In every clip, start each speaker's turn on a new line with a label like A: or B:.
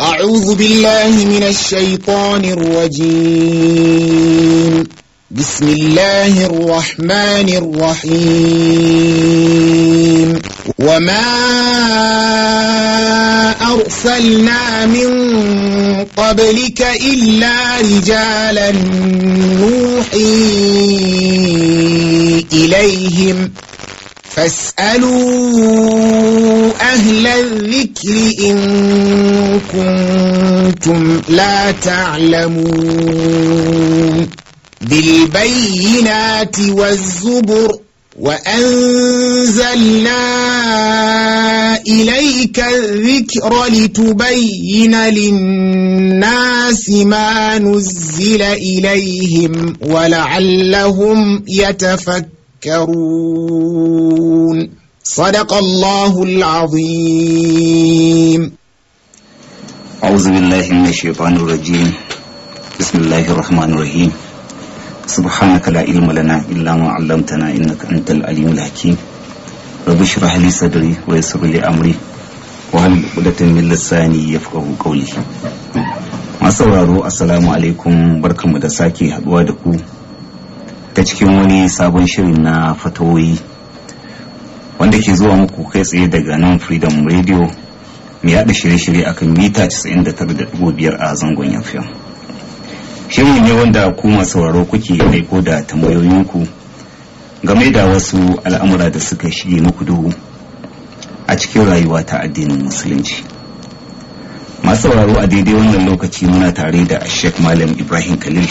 A: أعوذ بالله من الشيطان الرجيم بسم الله الرحمن الرحيم وما أرسلنا من قبلك إلا رجالا نوحي إليهم فاسألوا أهل الذكر إن كنتم لا تعلمون بالبينات والزبر وأنزلنا إليك الذكر لتبين للناس ما نزل إليهم ولعلهم يتفكرون تذكرون صدق الله العظيم
B: أعوذ بالله من الشيطان الرجيم بسم الله الرحمن الرحيم سبحانك لا علم لنا إلا ما علمتنا إنك أنت العليم الحكيم رب اشرح لي صدري ويسر لي أمري وهل عقدة من لساني يفقه قولي masu sauraro assalamu alaikum barkanmu da sake haduwa da ku ta cikin wani sabon shirin na fatawoyi wanda ke zuwa muku kai tsaye daga nan freedom radio mai yada shirye-shirye akan mita 99.5 a zangon yafiya shirin ne wanda ku masu sauraro kuke aiko da tambayoyinku game da wasu al'amura da suka shige muku duhu a cikin rayuwa ta addinin musulunci masu sauraro a daidai wannan lokaci muna tare da sheikh malam ibrahim khalil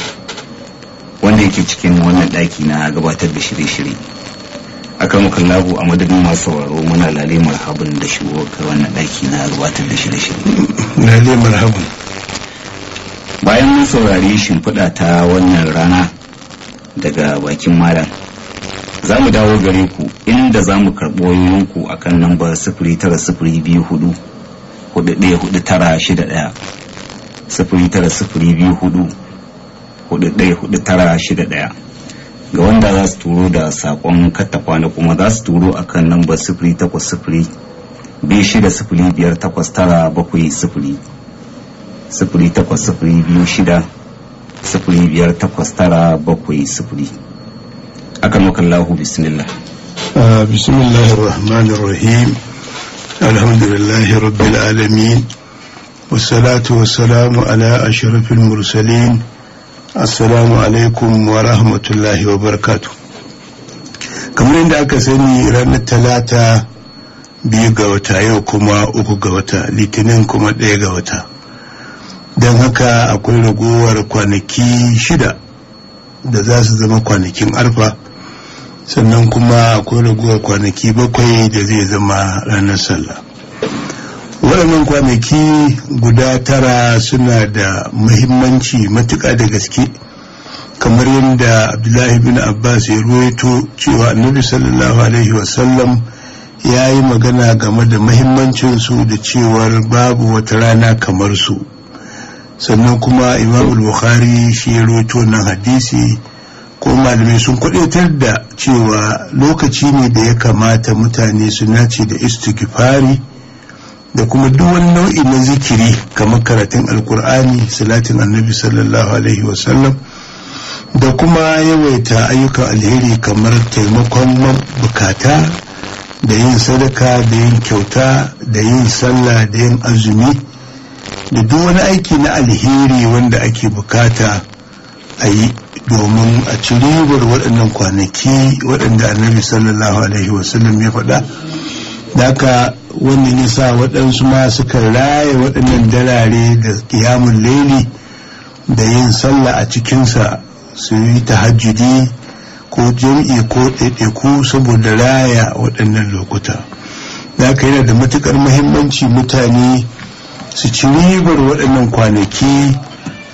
B: wanda yake cikin wannan ɗaki na gabatar da shirye-shirye muka labu a madadin masu sauraro muna lale marhabin da shigo ga wannan ɗaki na gabatar da shirye-shirye
C: lale marhabin
B: bayan mun saurari shimfiɗa ta wannan rana daga bakin malam za mu dawo gare ku inda za mu karɓo yanku a kan lambar sifiri tara sifiri biyu hudu hudu ɗaya hudu tara shida ɗaya sifiri tara sifiri biyu hudu ɗaya tara shida ɗaya ga wanda za su turo da saƙon katta kwana kuma za su turo a kan lambar sifili takwas sifili biyu shida sifili biyar takwas tara bakwai sifili sifili takwas sifili biyu shida sifili biyar takwas tara
C: bakwai sifili
B: akan makallahu bismillah
C: bismillahir rahmanir rahim alhamdulillahi rabbil alamin والصلاة والسلام على أشرف المرسلين assalamu alaikum wa rahmatullahi wa barakatu kamar yadda aka sani ranar talata biyu ga wata yau kuma uku ga wata litinin kuma ɗaya ga wata don haka akwai ragowar kwanaki shida da za su zama kwanakin arfa sannan kuma akwai ragowar kwanaki bakwai da zai zama ranar sallah waɗannan kwanaki guda tara suna da muhimmanci matuƙa da gaske kamar yadda abdullahi bin abbas ya ruwaito cewa annabi sallallahu alaihi wasallam ya yi magana game da mahimmancinsu da cewar babu wata rana kamar su sannan kuma imam bukhari shi ya ruwaito nan hadisi ko malamai sun kwadaitar da cewa lokaci ne da ya kamata mutane su nace da istighfari da kuma duk wani nau'i na zikiri kamar karatun alkur'ani salatin annabi sallallahu alaihi wasallam da kuma yawaita ayyukan alheri kamar taimakon bukata da yin sadaka da yin kyauta da yin sallah da yin azumi da duk wani aiki na alheri wanda ake bukata a yi domin a ci ribar waɗannan kwanaki waɗanda annabi sallallahu alaihi wasallam ya faɗa da aka wannan ya sa waɗansu ma suka raya waɗannan dalare da ƙiyamun laili da yin sallah a cikinsa su yi tahajjudi ko jam'i ko ɗaiɗaiku saboda raya waɗannan lokuta da aka yana da matuƙar muhimmanci mutane su ci ribar waɗannan kwanaki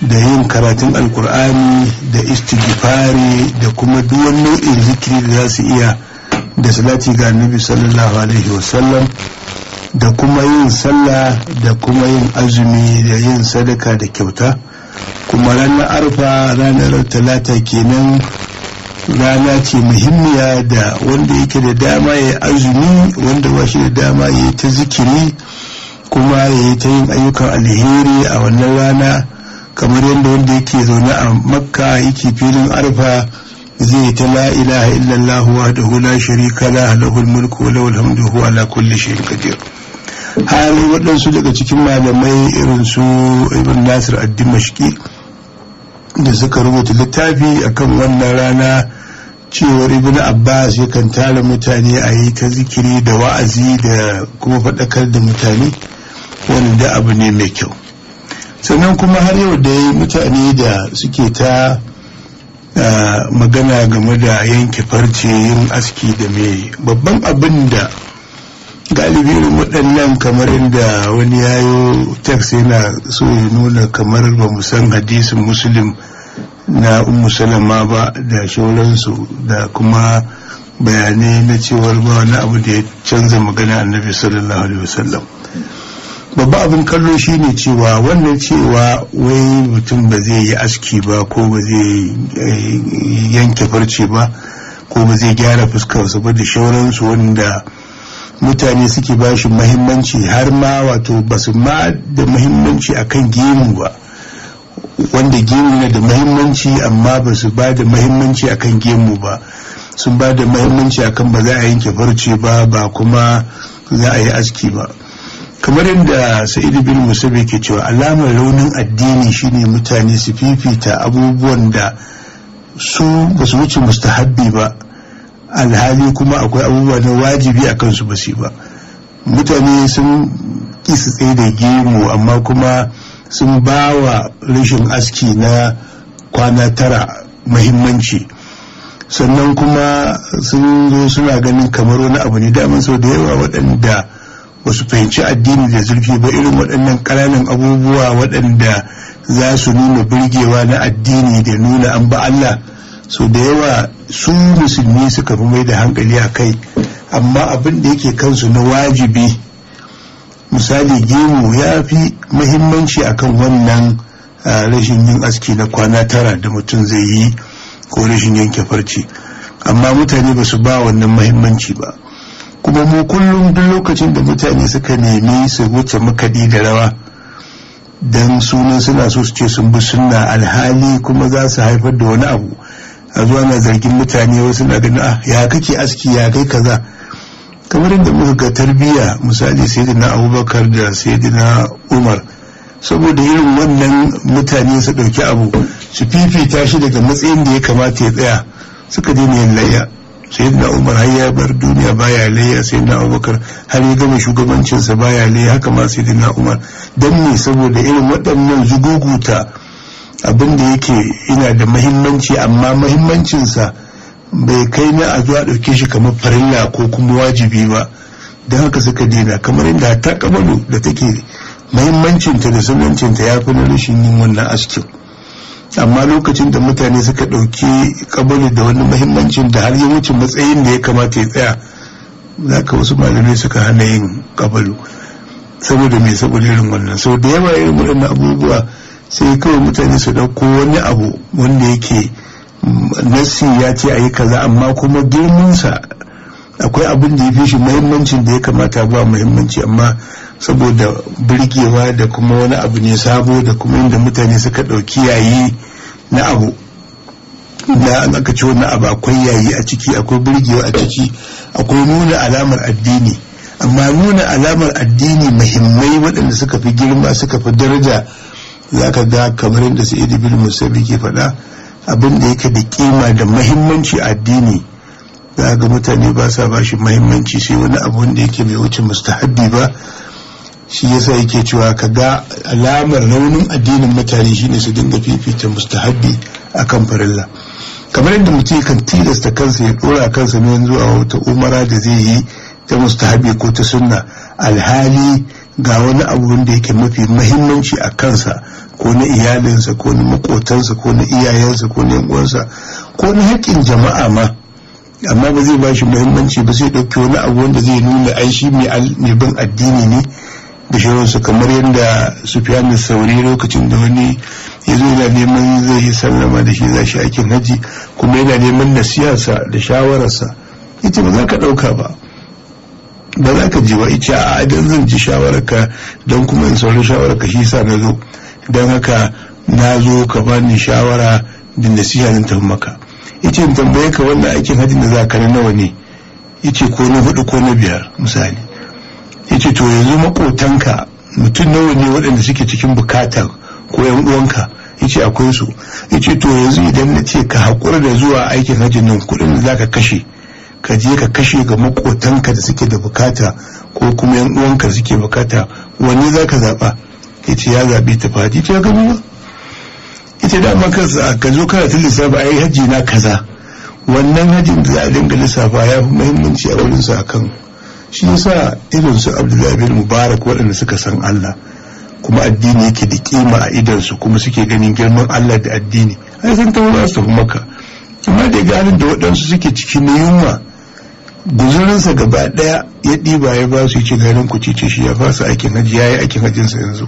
C: da yin karatun alkur'ani da istighfari da kuma duwan nau'in zikiri da za su iya da salati ga annabi sallallahu alaihi wasallam da kuma yin sallah da kuma yin azumi da yin sadaka da kyauta kuma ranar arfa ranar talata kenan rana ce muhimmiya da wanda yake da dama ya azumi wanda ba shi da dama ya ta zikiri kuma ya yi ta yin ayyukan alheri a wannan rana kamar yadda wanda yake zaune a makka yake filin arfa zai ta la ilaha illallah wa da hula sharika la lahul mulku wa lahul hamdu huwa ala kulli shay'in qadir har waɗansu daga cikin malamai irin su ibn nasir addin da suka rubuta littafi akan wannan rana cewar ibn abbas ya yakan tara mutane a yi ta zikiri da wa'azi da kuma faɗakar da mutane wani da abu ne mai kyau sannan kuma har yau da mutane da suke ta magana game da yanke farce yin aski da mai babban abin da galibi waɗannan kamar yadda wani yayo text yana so ya nuna kamar ba mu san hadisin musulun na umu salama ba da shauransu da kuma bayanai na cewar ba wani abu da ya canza magana annabi sallallahu alaihi wasallam babba abin kallo shi ne cewa wannan cewa wai mutum ba zai yi aski ba ko ba zai eh, yanke farce ba ko ba zai gyara fuskarsa ba da shauransu wanda mutane suke ba shi mahimmanci har ma wato ba su ma da mahimmanci kan gemu ba wanda gemu na da mahimmanci amma ba su ba da mahimmanci kan gemu ba sun ba da mahimmanci kan ba za a yanke farce ba ba kuma za a yi aski ba kamar yadda sa'idu bin musabe ke cewa alamar raunin addini shine mutane su fifita abubuwan da su ba su wuce mustahabbi ba alhali kuma akwai abubuwa na wajibi a kansu ba su ba mutane sun kisa tsaye da gemu amma kuma sun ba wa rashin aski na kwana tara mahimmanci sannan kuma sun zo suna ganin kamar wani abu ne daman sau da yawa waɗanda ba fahimci addini da zurfi ba irin waɗannan ƙananan abubuwa waɗanda za su nuna burgewa na addini da nuna an ba Allah su da yawa su musulmi suka fi mai da hankali a kai amma abin da yake kansu na wajibi misali gemu ya fi mahimmanci akan wannan rashin yin aski na kwana tara da mutum zai yi ko rashin yanke farce amma mutane ba su ba wannan mahimmanci ba kuma mu kullum duk lokacin da mutane suka nemi su wuce makaɗi da rawa don sunan suna so su ce sun bi suna alhali kuma za su haifar da wani abu a zuwa na zargin mutane wasu na ganin ah ya kake aski ya kai kaza kamar yadda muka ga tarbiyya misali saidina abubakar da saidina umar saboda irin wannan mutane su ɗauki abu su fifita shi daga matsayin da ya kamata ya tsaya suka daina yin layya saidina umar har ya bar duniya baya layya saidina abubakar har ya gama shugabancinsa baya layya haka ma saidina umar don me saboda irin waɗannan zuguguta abin da yake yana da mahimmanci amma mahimmancinsa bai kai na a zuwa ɗauke shi kamar farilla ko kuma wajibi ba don haka suka daina kamar inda ta kamalu da take mahimmancinta da sunancinta ya fi na rashin yin wannan askin amma lokacin da mutane suka ɗauki ƙabalu da wani mahimmancin da har yi wuce matsayin da ya kamata ya tsaya za ka wasu malamai suka hana yin ƙabalu saboda mai saboda irin wannan sau da yawa irin waɗannan abubuwa sai kawai mutane su dauko wani abu wanda yake nasi ya ce a yi kaza amma kuma girminsa akwai abin da ya fi shi muhimmancin da ya kamata ba muhimmanci amma saboda birgewa da kuma wani abu ne sabo da kuma inda mutane suka ɗauki yayi na abu na an aka ci wani abu akwai yayi a ciki akwai birgewa a ciki akwai nuna alamar addini amma nuna alamar addini muhimmai waɗanda suka fi girma suka fi daraja za ka ga kamar yadda sa'id ibn musabi ke faɗa abin da yake da kima da mahimmanci addini za ga mutane ba sa ba shi mahimmanci sai wani abu da yake bai wuce mustahabbi ba shi yasa yake cewa ka ga alamar raunin addinin mutane shine su dinga fifita mustahabbi akan farilla kamar yadda mutum kan tilasta kansa ya dora kansa ne zuwa wata umara da zai yi ta mustahabbi ko ta sunna alhali ga wani abu wanda yake mafi mahimmanci a kansa ko na iyalinsa ko na makotansa ko na iyayensa ko na uwansa ko na haƙƙin jama'a ma amma ba zai ba shi muhimmanci ba sai ɗauki wani abu wanda zai nuna ai shi mai bin addini ne da shawarsa. kamar yadda su mai sauri lokacin da wani ya zo yana neman zai yi sallama da shi za shi aikin haji kuma yana neman nasiyarsa da shawararsa ita ba za ka ɗauka ba ba za ka ji ba ita a idan zan ji shawararka don kuma in sauri shawararka shi sa na zo don haka na zo ka bani shawara da nasiha zan tafi maka ice in tambaye ka wannan aikin hajji da za ka na nawa ne ice ko na hudu ko na biyar misali ice to yanzu makotanka mutum nawa ne waɗanda suke cikin bukatar ko yan uwanka yace akwai su yace to yanzu idan na ce ka haƙura da zuwa aikin hajji nan kuɗin da za ka kashe ka je ka kashe ga makotanka da suke da bukata ko kuma yan uwanka suke bukata wani za ka zaɓa ya ce ya zaɓi ta fadi ta gani ba ita da maka ka zo kana ta lissafa ai hajji na kaza wannan hajjin da za a dinga lissafa ya fi muhimmanci a wurin sa kan shi yasa irin su abdullahi mubarak waɗanda suka san allah kuma addini yake da kima a idansu kuma suke ganin girman allah da addini ai san ta wurin su tafi maka amma da halin da waɗansu suke cikin yunwa guzurinsa gaba daya ya ɗiba ya ba su ce garin ku cece shi ya fasa aikin haji ya yi aikin sa yanzu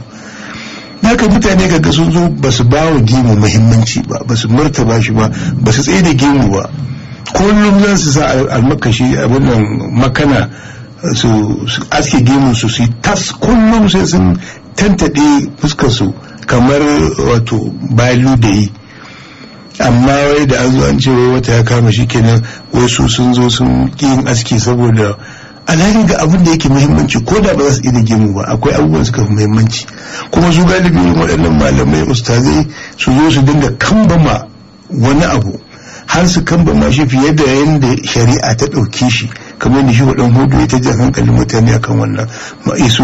C: haka mutane ga sun zo ba su ba wa gemu muhimmanci ba ba su martaba shi ba ba su tsaye da gemu ba kullum za su sa almakashi abin nan makana su aske gemu su su tas kullum sai sun tantaɗe fuskar su kamar wato bayan ludayi amma wai da an zo an ce wai wata ya kama shi kenan wai su sun zo sun yin aski saboda alhali ga abin da yake muhimmanci ko da ba za su iya gemu ba akwai abubuwan suka fi muhimmanci kuma su galibi waɗannan malamai ustazai su zo su dinga kambama wani abu har su kambama shi fiye da yadda shari'a ta ɗauke shi kamar da shi waɗannan hudu ya ta jan hankalin mutane akan wannan ma'isu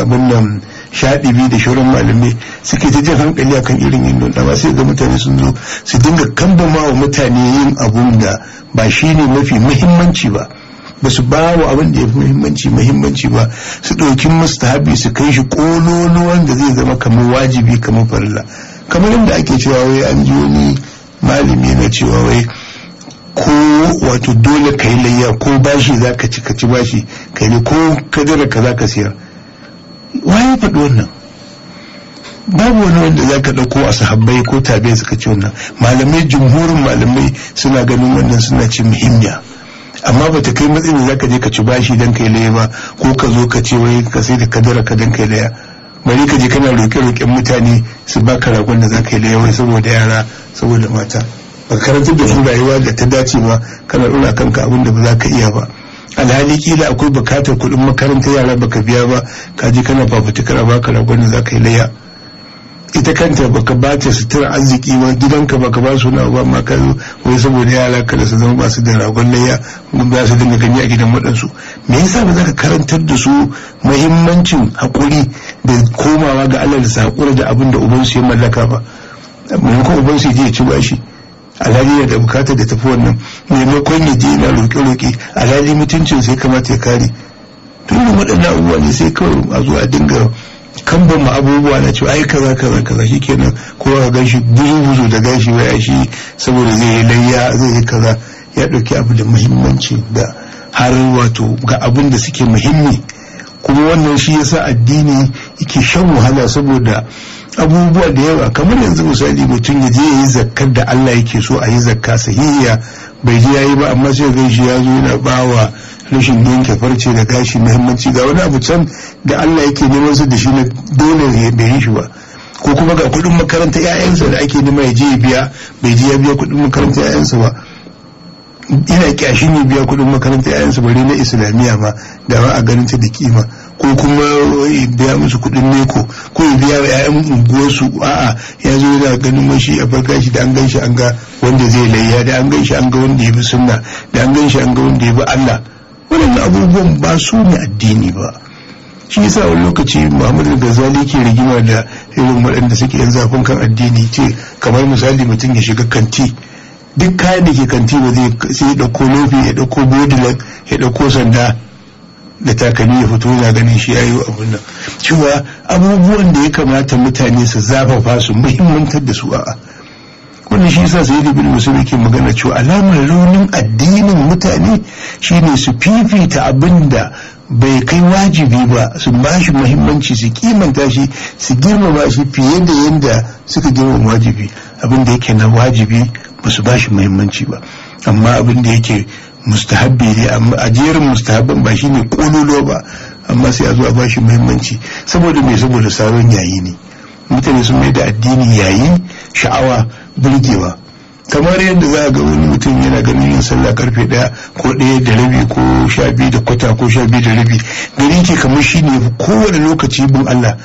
C: abin nan shaɗibi da shauran malamai suke ta jan hankali akan irin yin don ba sai ga mutane sun zo su dinga kambama wa mutane yin abun da ba shi ne mafi muhimmanci ba ba su ba wa abin da ya fi muhimmanci muhimmanci ba su ɗauki mustahabi su kai shi ƙololuwan da zai zama kamar wajibi kamar farilla kamar yadda ake cewa wai an ji wani malami na cewa wai ko wato dole ka yi layya ko bashi za ka ci ka ci bashi ka yi ko kadara ka za ka siyar waye faɗi wannan babu wani wanda za ka ɗauko a sahabbai ko tabiya suka ce wannan malamai jumhurin malamai suna ganin wannan suna ce muhimmiya amma bata kai matsayin da za je ka ci bashi dan kai laya ba ko ka zo ka ce wai ka sai da kadara ka dan kai laya bari ka je kana roƙe-roƙen mutane su baka ragon da zaka ka yi laya wai saboda yara saboda mata ba karantar da su rayuwa da ta dace ba kana ɗora kanka abin da ba za ka iya ba alhali kila akwai bukatar kuɗin makarantar yara baka biya ba ka je kana fafutukar a baka ragon da za ka yi layya ita kanta baka ba ta sutura arziki ba gidanka baka ba su na ba ma ka wai saboda yara da su zama ba su da ragon layya ba su dinga gani a gidan waɗansu me yasa ba za ka karantar da su muhimmancin haƙuri da komawa ga Allah da saƙura da abin da ubansu ya mallaka ba maimakon ubansu ya je ya ci bashi alhali yana da bukatar da tafi wannan maimakon ya je na roƙe-roƙe alhali mutuncin sai kamata ya kare dole waɗannan abubuwa ne sai kawai a zuwa dinga kamban ma abubuwa na cewa ai kaza kaza kaza shi kenan kowa ka ganshi buzu buzu da gashi waya shi saboda zai yi layya zai yi kaza ya ɗauki abu da muhimmanci da har wato ga abin da suke muhimmi kuma wannan shi yasa addini yake shan wahala saboda abubuwa da yawa kamar yanzu misali mutum ya je ya yi zakkar da Allah yake so a yi zakka sahihiya bai ji yayi ba amma sai gan ya zo yana bawa rashin yanke farce da gashi muhimmanci ga wani abu can da Allah yake neman su da shi na dole ya bai shi ba ko kuma ga kuɗin makaranta 'ya'yansa da ake nema ya je ya biya bai je ya biya kuɗin makaranta 'ya'yansa ba ina kyashi ne biya kuɗin makaranta 'ya'yansa bare na islamiyya ba da ba a ganin ta da kima ko kuma ya biya musu kuɗin neko ko ya biya wa 'ya'yan unguwarsu a'a ya zo yana ganin mashi a farka shi da an gan shi an ga wanda zai layya da an gan shi an ga wanda ya bi sunna da an gan shi an ga wanda ya bi Allah waɗannan abubuwan ba su ne addini ba shi yasa wani lokaci Muhammadu Ghazali ke rigima da irin waɗanda suke yan zafin kan addini ce kamar misali mutum ya shiga kanti duk kayan da ke kanti ba zai sai ya ɗauko lofi ya ɗauko bodilan ya ɗauko sanda da takalmi ya fito za ganin shi yayi abun nan cewa abubuwan da ya kamata mutane su zafafa su muhimmantar da su a wannan shi yasa sai ibn musulmi ke magana cewa alamar raunin addinin mutane shine su fifita abinda bai kai wajibi ba su ba shi muhimmanci su kimanta shi su girmama shi fiye da yadda suka girmama wajibi abin da yake na wajibi ba su ba shi muhimmanci ba amma abinda yake mustahabbi ne a jerin mustahabban ba ne kololo ba amma sai a zo a bashi muhimmanci saboda mai saboda sabon yayi ne mutane sun mai da addini yayi sha'awa burgewa kamar yadda za a ga wani mutum yana ganin yin sallah karfe daya ko daya da rabi ko sha biyu da kwata ko sha biyu da rabi gari ke kamar shi ne kowane lokaci bin Allah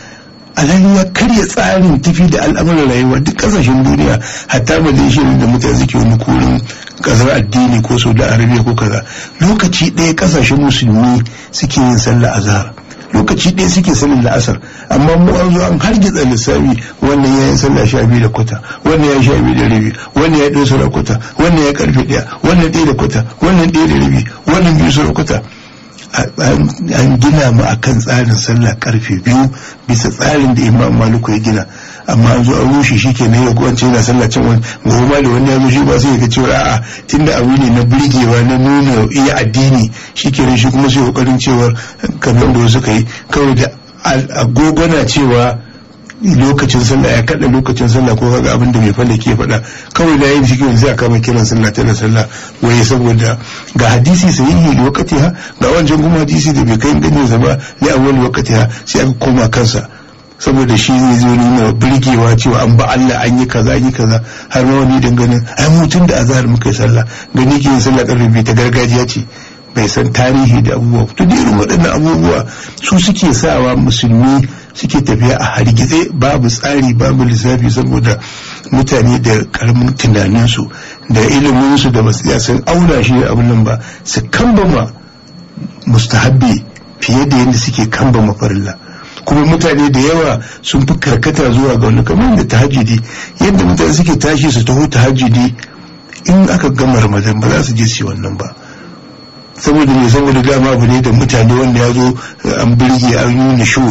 C: alhali ya karya tsarin tafi da al'amuran rayuwa duk kasashen duniya hatta malaysia da mutane suke wani kurin kasar addini ko saudi arabia ko kaza lokaci ɗaya kasashen musulmi suke yin sallah zahar lokaci ɗaya suke sanin la'asar amma mu an zo an hargitsa lissafi wannan ya yi sallah sha biyu da kwata wannan ya sha biyu da rabi wannan ya ɗaya sura kwata wannan ya karfe ɗaya wannan ɗaya da kwata wannan ɗaya da rabi wannan biyu sura kwata an gina mu akan tsarin sallah karfe biyu bisa tsarin da imam maliku ya gina amma an zo an rushe shi ke nan yago ce yana sallah can wani ma da wani ya zo shi ba sai ya ga cewa a'a da abu ne na burgewa na nuna iya addini shi ke shi kuma sai kokarin cewa kamar da wasu yi kawai da agogona cewa lokacin sallah ya kada lokacin sallah ko kaga abin da mai fallake ya faɗa kawai da yayin cikin zai kama kiran sallah tana sallah waye saboda ga hadisi sai yi lokaci ha ga wancan kuma hadisi da bai kai ganin sa ba ne a wani lokaci ha sai aka koma kansa saboda shi zai zo na birgewa cewa an ba Allah an yi kaza an yi kaza har ma wani dangane ai mutum da azhar muka yi sallah gani ke sallah karfe ta gargajiya ce bai san tarihi da abubuwa to irin waɗannan abubuwa su suke sawa musulmi suke tafiya a hargitse babu tsari babu lissafi saboda mutane da karamin tunaninsu da iliminsu da basu san auna shi da abin nan ba su kambama mustahabbi fiye da yadda suke kambama farilla kuma mutane da yawa sun fi karkata zuwa ga wani kamar da tahajjudi yadda mutane suke tashi su taho tahajjudi in aka gama ramadan ba za su je su wannan ba saboda ne saboda dama abu ne da mutane wanda ya zo eh, an birge an yi nishu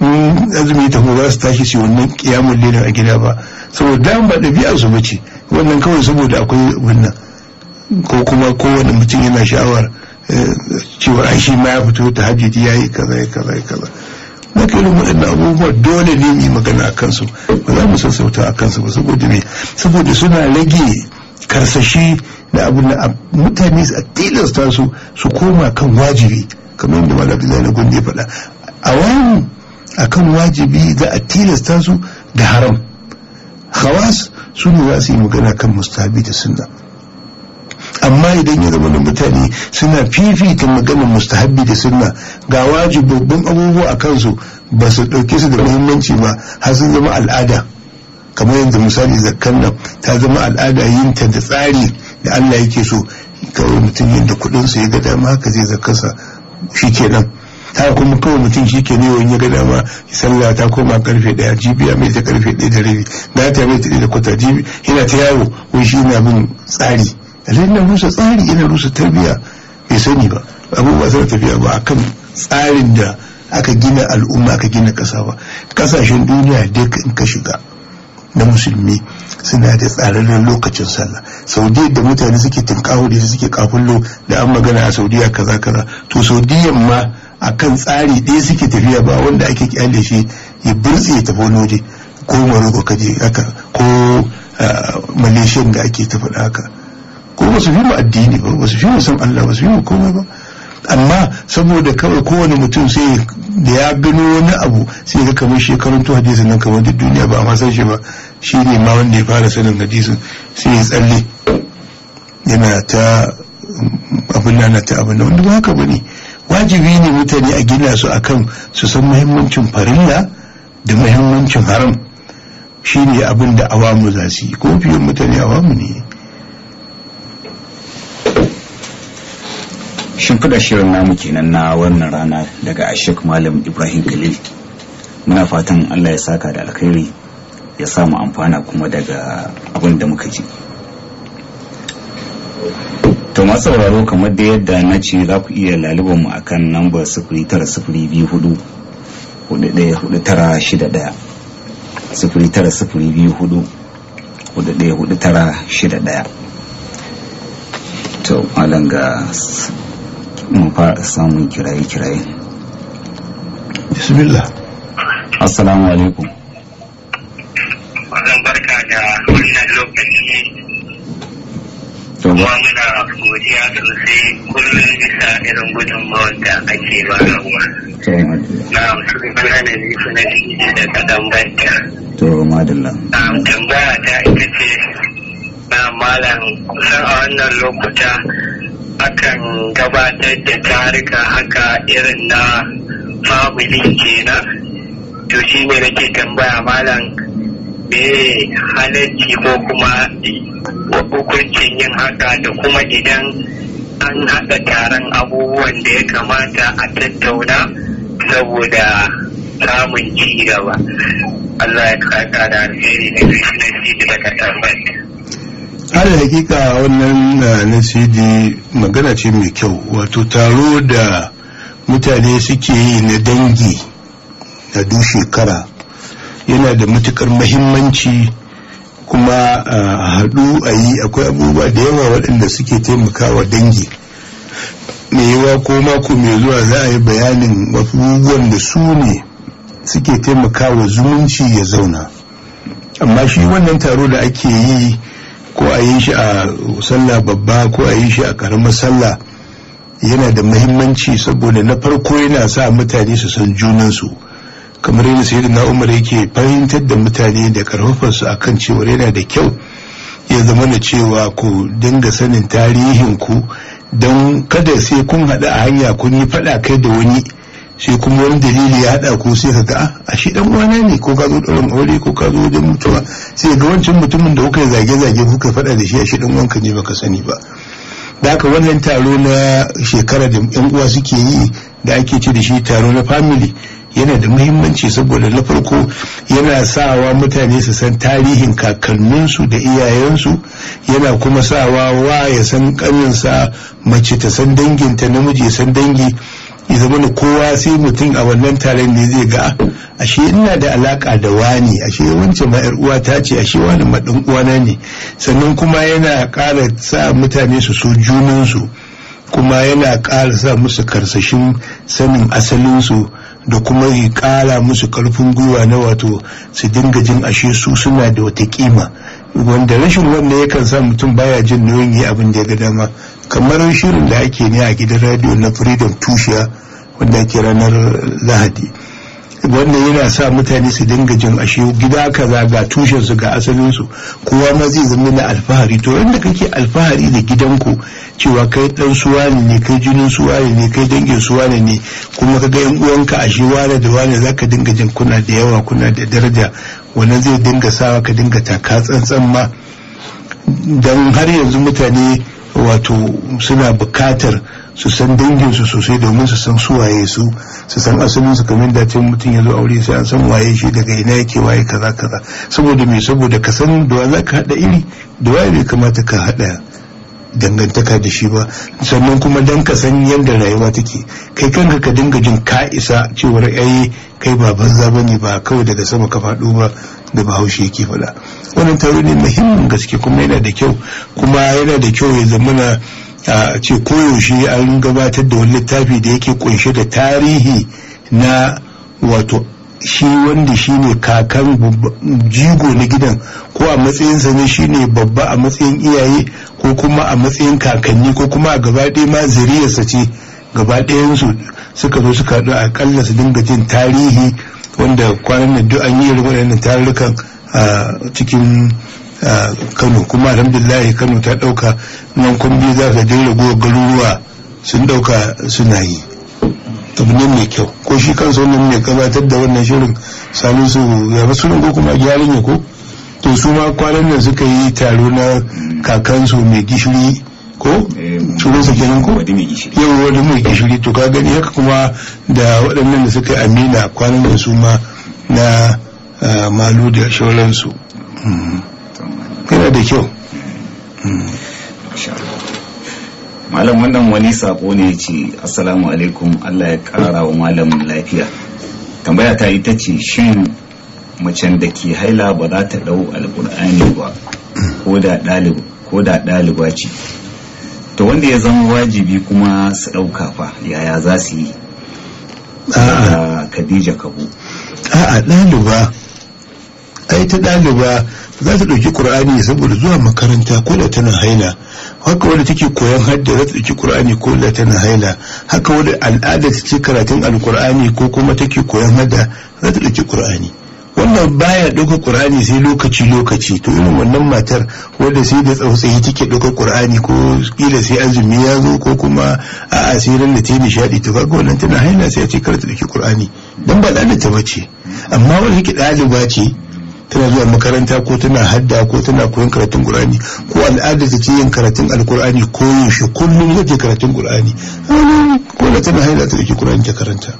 C: in azumi ta kuma za su tashi su wannan kiyamun lena a gida ba saboda dama ba ɗabi'a su bace wannan kawai saboda akwai wannan ko kuma kowane mutum yana sha'awar eh, cewa Aishi shi ma ya fito ta hajjiji ya yi kaza ya kaza ya kaza na irin abubuwa dole ne mu yi magana a kansu ba za mu sassauta a kansu ba saboda me saboda suna rage karsashi da abin da mutane a tilasta su su koma kan wajibi kamar yadda malam zai na gunde faɗa a wani kan wajibi za a tilasta su da haram hawas su ne za su yi magana kan mustahabi da sunna amma idan ya zama da mutane suna fifita magana mustahabbi da sunna ga babban abubuwa a kansu ba su ɗauke su da muhimmanci ba har sun zama al'ada kamar yanzu misali zakkan nan ta zama al'ada yin ta da tsari da Allah yake so kawai mutum yadda kuɗin sa ya ga dama haka zai zakasa shi ke nan ta kuma kawai mutum shi ke newa ya ga dama sallah ta koma karfe daya jibiya mai ta karfe daya da rabi na ta mai ta da kwata jibi yana ta yawo wai shi yana bin tsari alhalin na rusa tsari yana rusa tarbiyya bai sani ba abubuwa suna tafiya ba akan tsarin da aka gina al'umma aka gina ƙasa ba ƙasashen duniya duk in ka shiga na musulmi suna da tsararren lokacin sallah saudiya da mutane suke tinkawo da suke kafullo da an magana a saudiya kaza kaza to saudiyan ma akan tsari ɗaya suke tafiya ba wanda ake kyale shi ya burtse ya tafi waje ko maroko kaje haka ko eh, malaysia da ake tafi haka ko ba su fi mu addini ba ba su fi mu san allah ba su fi mu komai ba amma saboda kawai kowane mutum sai da ya gano wani abu sai ga kamar shekarun to hadisin nan kamar duk duniya ba ma san shi ba shi ne ma wanda ya fara sanin hadisin sai ya tsalle yana ta abin nan ta abin nan wanda ba haka bane wajibi ne mutane a gina su akan su san muhimmancin farilla da muhimmancin haram ne abin da awamu za su yi ko fiye mutane awamu ne shimfiɗa shirin namu kenan na wannan
B: rana daga ashek malam ibrahim khalil muna fatan allah ya saka da alkhairi ya samu amfana kuma daga abin da muka ji to masu sauraro kamar da yadda na ce za ku iya laliban mu akan namba sifiri tara sifiri biyu to malam ga mun fara samun kiraye-kiraye bismillah assalamu alaikum wannan barka da wannan lokaci kuma muna godiya sosai kullum bisa irin gudunmawar da ake ba ruwa na su na zifu na jiki da kadan banta to madalla tambaya ta ita ce na malam kusan a wannan lokuta akan gabatar da tarika haka irin na family kenan to shi ne nake tambaya malam me halarci ko kuma hukuncin yin haka da kuma idan an haɗa taron abubuwan da ya kamata a tattauna saboda samun ci gaba Allah ya kaka da alheri na shi da daga tambayar.
C: ala hakika wannan eh, na cd magana ce mai kyau wato taro da mutane suke yi na dangi na duk shekara yana da matukar mahimmanci kuma eh, a haɗu a yi akwai abubuwa da yawa waɗanda suke taimakawa dangi mai yiwa ko mako mai zuwa za a yi bayanin abubuwan da su ne suke taimakawa zumunci ya zauna amma shi wannan taro da ake yi ko a yi shi a sallah babba ko a yi shi a karamar sallah yana da mahimmanci saboda na farko yana sa mutane su san junansu kamar yadda sayyidina umar yake fahimtar da mutane da karfafarsu akan cewa yana da kyau ya zama na cewa ku dinga sanin tarihin ku don kada sai kun haɗu a hanya kun yi faɗa kai da wani sai kuma wani dalili ya haɗa ko sai ka ga a shi dan ne ko ka zo ɗaurin aure ko ka zo wajen mutuwa sai ga wancan mutumin da kuka zage-zage kuka faɗa da shi a shi dan wanka ne baka sani ba da haka wannan taro na shekara da yan uwa suke yi da ake ce da shi taro na family yana da muhimmanci saboda na farko yana sawa mutane su san tarihin kakanninsu da iyayensu yana kuma sawa wa ya san ƙaninsa mace ta san danginta namiji ya san dangi ya zama da kowa sai mutum a wannan taron ne zai ga ashe ina da alaka da wani ashe wancan ma yar uwa ta ce ashe wani ma dan uwana ne sannan kuma yana ƙara sa mutane su so junan su kuma yana ƙara sa musu karsashin sanin asalin su da kuma yi ƙara musu karfin gwiwa na wato su dinga jin ashe su suna da wata kima wanda rashin wannan yakan sa mutum baya jin nauyin yi abin da ya ga dama kamar shirin da ake ne a gidan radio na freedom tushiya wanda ake ranar lahadi wannan yana sa mutane su dinga jin ashe gida kaza ga tushen su ga asalinsu kowa ma zai zama na alfahari to inda kake alfahari da gidanku cewa kai dan suwa ne kai jinin suwa ne kai dangin suwane ne kuma ka ga yan uwanka ashe wane da wane zaka dinga jin kuna da yawa kuna da daraja wannan zai dinga sawa ka dinga taka tsantsan ma dan har yanzu mutane wato suna bukatar su san danginsu sosai domin su san suwaye su su san asalin su kamar da tun mutum ya zo aure sai an san waye shi daga ina yake waye kaza kaza saboda me saboda ka san da za ka hada iri da waye bai kamata ka hada dangantaka da shi ba sannan kuma dan ka san yadda rayuwa take kai kanka ka dinga jin ka isa cewar ai kai ba banza bane ba kawai daga sama ka faɗo ba da bahaushe yake faɗa wannan taro ne muhimmin gaske kuma yana da kyau kuma yana da kyau ya zamana a ce koyaushe an gabatar da wani littafi da yake kunshe da tarihi na wato shi wanda shine kakan jigo na gidan ko a matsayinsa ne shine babba a matsayin iyaye ko kuma a matsayin kakanni ko kuma a gaba ma zuriyarsa ce gaba suka zo suka haɗu ƙalla su dinga jin tarihi wanda kwanan da duk an yi irin waɗannan tarurrukan a cikin kano kuma alhamdulillah kano ta ɗauka nan kumbi za ka dinga garuruwa sun ɗauka suna yi abu ne mai kyau ko shi kansa wannan mai gabatar da wannan shirin su ya ba sunan ko kuma gyaran ya ko to su ma kwanan nan suka yi taro na kakansu mai gishiri ko eh, su kenan ko yau wani mai gishiri to ka gani haka kuma da waɗannan da suka amina kwanan nan su ma na eh, malu da shauransu hmm. yana da kyau
B: hmm. malam wannan wani sako ne ce assalamu alaikum allah ya kara wa malam lafiya tambaya ta ita ce shin macen da ke haila ba za ta dau alkur'ani ba ko da ɗaliba ce to wanda ya zama wajibi kuma su ɗauka fa yaya za su yi
C: khadija kabu a'a ɗaliba ai ta ɗaliba za ta ɗauki ƙur'ani saboda zuwa makaranta ko da tana haila haka wadda take koyon hadda za ta ɗauki ƙur'ani ko da tana haila haka wadda al'ada ta ce karatun al'ƙur'ani ko kuma take koyon hadda za ta ɗauki ƙur'ani. wannan baya ɗauka ƙur'ani sai lokaci lokaci to irin wannan matar wadda sai da tsautsayi take ɗauka ƙur'ani ko kila sai azumi ya zo ko kuma a asirin da ta yi nishaɗi to kaga wannan tana haila sai a ce kar ta ɗauki ƙur'ani dan ba ɗalibta ta ce amma wadda take ɗaliba ce tana zuwa makaranta ko tana hadda ko tana koyon karatun qur'ani ko al'ada ta ce yin karatun alqur'ani ko yaushe kullum yake karatun qur'ani da tana haila ta dauki qur'ani ta karanta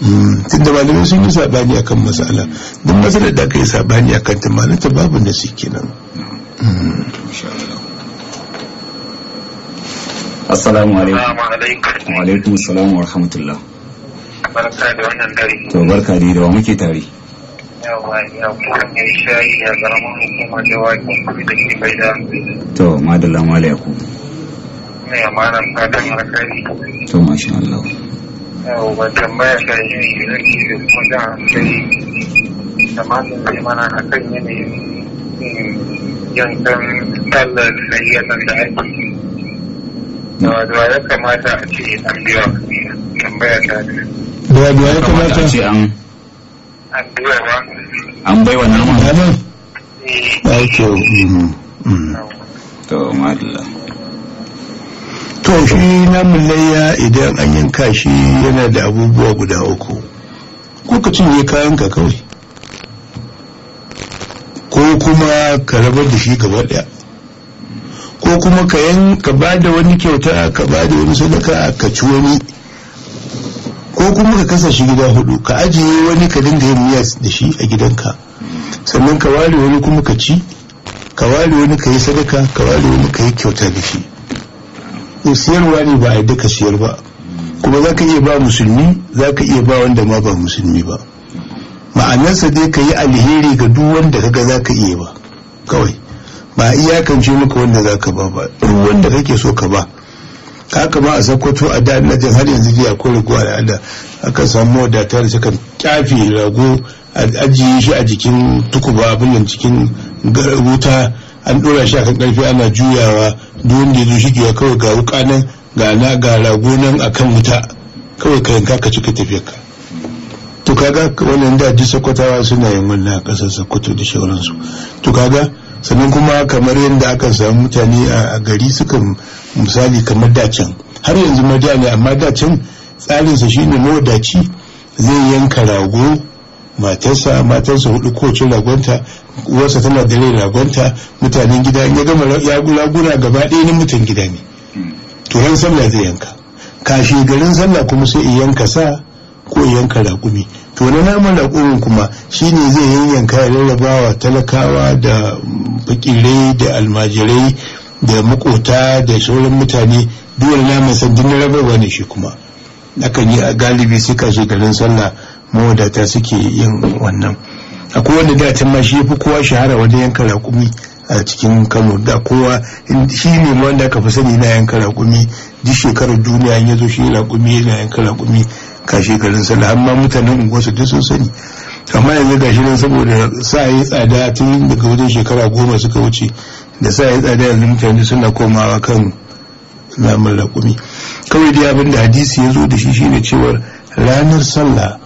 C: hmm, tunda malamai sun yi sabani akan masala duk matsalar da aka yi sabani akan ta malanta babu nasi kenan hmm.
B: assalamu alaikum wa alaikum wa rahmatullah barka da wannan dare to barka da wa muke tare yawa ya kuma ku shayi a karamin hukumar jawakin kuri da ke bai da to madalla mala ya ku ne amana fatan alkhairi to masha Allah yawa tambaya ta yi ne da kuma da hankali da masu zai mana a
A: yi ne hmm, yankan tallar sayyanar da ake yi da ya kamata a ce an biya tambaya ta
C: ne
B: da ya kamata a
C: an bai wa naman mm, mm. to madalla to shi namun layya idan an yanka shi yana da abubuwa guda uku Kokacin ya kayan ka kawai ko kuma ka rabar da shi gaba daya ko kuma ka bada ba da wani kyauta ka ba da wani sadaka ka ci wani ko kuma ka kasa shi gida hudu ka ajiye wani ka dinga yin miya da shi a gidanka sannan ka ware wani kuma ka ci ka ware wani ka yi sadaka ka ware wani ka yi kyauta da shi siyarwa ne ba a yadda ka siyar ba kuma za ka iya ba musulmi za ka iya ba wanda ma ba musulmi ba ma'anarsa dai ka yi alheri ga duk wanda kaga za ka iya ba kawai ba a iyakance maka wanda za ka ba ba wanda kake so ka ba kaka ma a sokoto a da na har yanzu jiya ko raguwa da ada aka samu wadata da suka kyafi rago ajiye shi a jikin tukuba abin nan cikin wuta an dora shi akan karfi ana juyawa duk da zo shi juya kawai ga wuka nan ga na ga rago nan akan wuta kawai ka yanka ka cika tafiya ka to kaga wannan da ji sokotawa suna yin wannan a kasar sokoto da shauransu to kaga sannan kuma kamar yadda aka samu mutane a gari suka misali kamar dacen har yanzu mada ne amma dacen tsarinsa shine mawadaci zai yanka rago matarsa matarsa hudu kocin ragonta uwarsa tana da rai ragonta mutanen gida ya gama raguna gaba ɗaya na mutan gida ne hmm. to sallah zai yanka kashi garin sallah kuma sai yanka sa ko yanka raƙumi to na naman raƙumin kuma shine zai yi yanka ya rarrabawa talakawa da fakirai da almajirai da makota da sauran mutane dole naman sandin na rabarwa ne shi kuma akan yi a galibi suka kashe garin sallah mawadata suke yin wannan akwai wanda da ma shi ya fi kowa shahara wani yanka raƙumi a cikin kano da kowa shi ne wanda aka fi sani na yanka raƙumi duk shekarar duniya ya zo shi raƙumi yana yanka raƙumi ka shekarun sani amma mutanen su duk sun sani amma yanzu gashi nan saboda sa yi tsada tun daga wajen shekara goma suka wuce da sa yi tsada yanzu mutane suna komawa kan namun raƙumi kawai dai abin da hadisi ya zo da shi shine cewar ranar sallah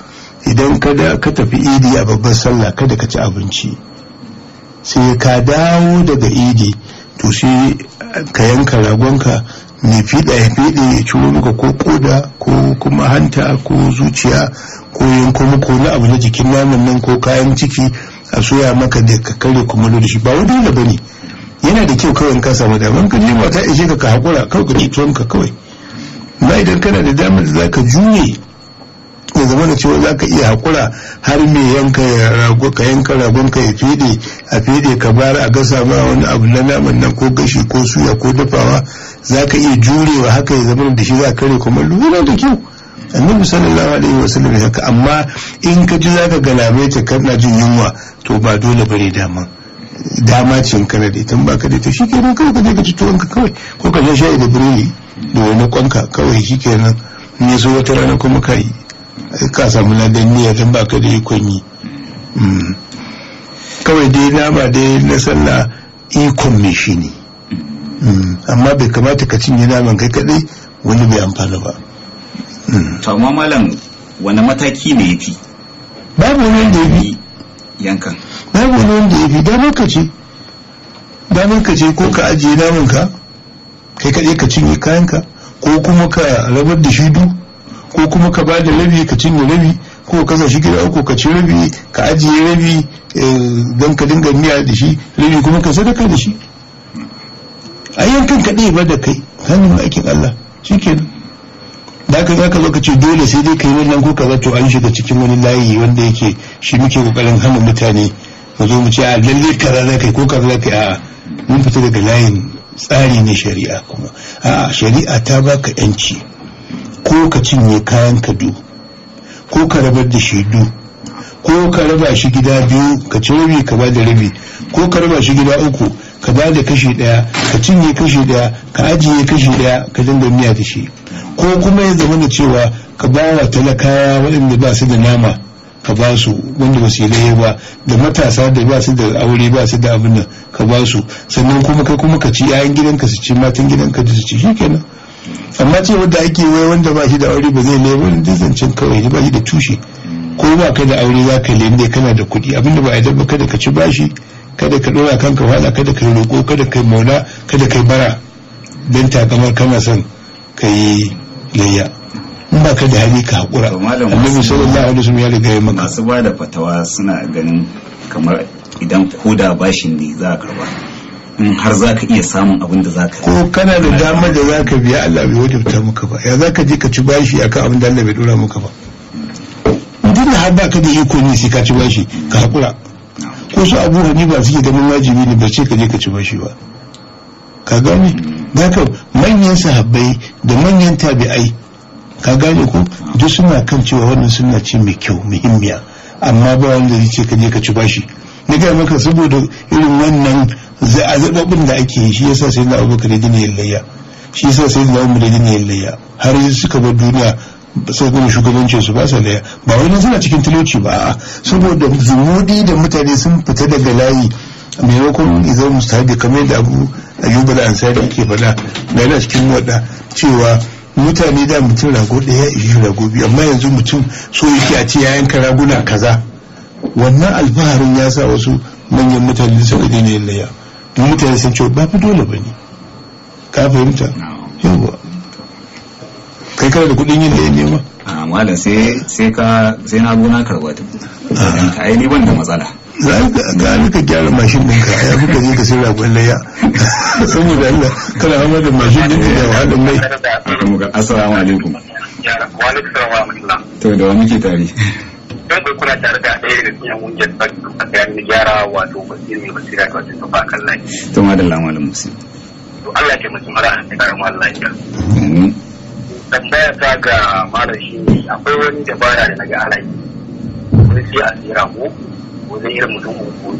C: idan kada ka tafi idi a babbar sallah kada ka ci abinci sai ka dawo daga idi to sai ka yanka ragonka mai fiɗa ya fiɗe ya ciro ga ko koda ko kuma hanta ko zuciya ko yanko muku wani abu na jikin naman nan ko kayan ciki a soya maka da ka kare kumallo da shi ba wani dole bane yana da kyau kawai ka samu damar ka nema. mata ishe ka ka haƙura kawai ka ci tuwon ka kawai ma idan kana da damar da zaka juye ya zama da cewa za ka iya haƙura har mai yanka ka yanka ragon ka ya fide a fide ka bar a gasa ma wani abu na naman nan ko gashi ko suya ko dafawa za ka iya jurewa haka ya zama da shi za kare kuma lura da kyau annabi sallallahu alaihi wasallam ya haka amma in ka ji zaka galabe ta kana jin yunwa to ba dole bane dama dama ce in kana da ita ba ka da ita shikenan kawai ka je ka ci tuwon ka kawai ko ka je shayi da biredi da wani kwanka kawai shikenan ne su wata rana kuma ka yi ka samu ladan niyya ba ka da ikon yi mm. kawai dai nama dai na sallah ikon mai shi ne mm. amma bai kamata ka cinye naman kai kadai wani bai amfana ba mm.
B: to amma malam
C: wani mataki ne yafi babu wani da yafi yankan babu wani da yafi damar ka ce damar ka ce ko ka ajiye naman ka kai kadai ka cinye kayan ka ko kuma ka rabar da shi duk ko kuma ka bada rabi ka cinye rabi ko ka kasa shi gida ko ka ci rabi ka ajiye rabi eh, don ka dinga miya da shi rabi kuma ka sadaka da shi a yankan ka ɗaya da kai hannun aikin Allah shi kenan da haka zaka zo ka ce dole sai dai kai wannan ko za to an shiga cikin wani layi wanda yake shi muke kokarin hana mutane mu zo mu ce a lalle ka za kai ko ka za kai a mun fita daga layin tsari ne shari'a kuma a shari'a ta baka yanci ko ka cinye kayan kadu ko ka rabar da shaidu ko ka raba shi gida biyu ka ci rabi ka bada rabi ko ka raba shi gida uku ka bada kashi daya ka cinye kashi daya ka ajiye kashi daya ka dinga miya da shi ko kuma ya zama da cewa ka ba wa talakawa waɗanda ba su da nama ka ba su wanda ba su yi ba da matasa da ba su da aure ba su da abin nan ka ba su sannan kuma kai kuma ka ci 'ya'yan gidanka su ci matan gidanka da su ci shikenan amma ce wanda ake wai wanda ba shi da aure ba zai nemi da zancen kawai ba shi da tushe ko ba ka da aure za ka kana da kuɗi abinda ba a yadda ba kada ka ci bashi kada ka ɗora kanka wala kada ka roƙo kada ka maula kada ka bara don takamar kana son ka yi layya in ba ka da hali ka haƙura annabi sallallahu masu ba da fatawa suna ganin kamar
B: idan koda bashin ne za a karba in har za ka iya samun abin da za ka ko kana da
C: damar da za ka biya Allah bai wajabta maka ba ya za ka je ka ci bashi akan abin da Allah bai dora maka ba duk da har ba ka da iko ne sai ka ci bashi ka haƙura ko su abu hanifa suke ganin wajibi ne ba ce ka je ka ci bashi ba ka gane da ka manyan sahabbai da manyan tabi'ai ka gane ko duk suna kan cewa wannan suna ce mai kyau muhimmiya amma ba wanda zai ce ka je ka ci bashi na gaya maka saboda irin wannan a zaɓaɓɓin da ake yi shi yasa sai na abubakar ya dina yallayya shi yasa sai na umar ya dina yallayya har yanzu suka bar duniya sai kuma shugabancin su ba sa laya ba wani suna cikin talauci ba a saboda zumudi da mutane sun fita daga layi maimakon hmm. izar mustahabi kamar da abu ayyuba da ansari yake faɗa da yana cikin waɗa cewa mutane da mutum rago ɗaya a ishi rago biyu amma yanzu mutum so yake a ce ya yanka raguna kaza wannan alfaharin ya sa wasu manyan mutane suka daina yin laya mutane sun ce ba fi dole ba ne ka fahimta yawa kai kana da kudin yin da ya nema a malam sai ka sai na gona karwa ta ka yi ah. ni da matsala ga ni ka gyara mashin din ka ya kuka je ka sai ragon laya saboda Allah kana hamar da mashin din da wahalar mai assalamu alaikum
B: to da wani muke tare don kai kuna tare da ɗaya da cikin ƙungiyar tsakayen da gyara wato basiri mai basira ta wajen tafa kan lafiya. to ma da musu. to Allah mara a cikin lafiya. tambaya ta ga malam shi ne akwai wani dabara da na ga alaƙi wani sai a tsira ko wani irin mutum ko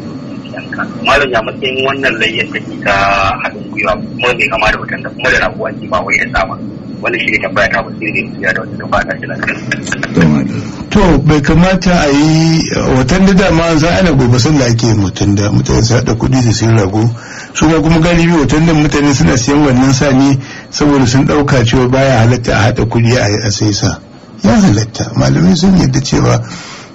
B: malam ya matsayin wannan layyan da ta haɗin gwiwa kuma mai kama da wutan da kuma da rabuwa ce ba wai ya ba wani shi ne tambaya ta wasu ne ya da wata ba ta shi
C: to bai kamata a yi watan da dama za a gobe sun da ake mutum da mutane su haɗa kuɗi su sun rago su ma kuma galibi watan da mutane suna siyan wannan sani saboda sun ɗauka cewa baya halatta a haɗa kuɗi a sai sa ya halatta malamai sun yadda cewa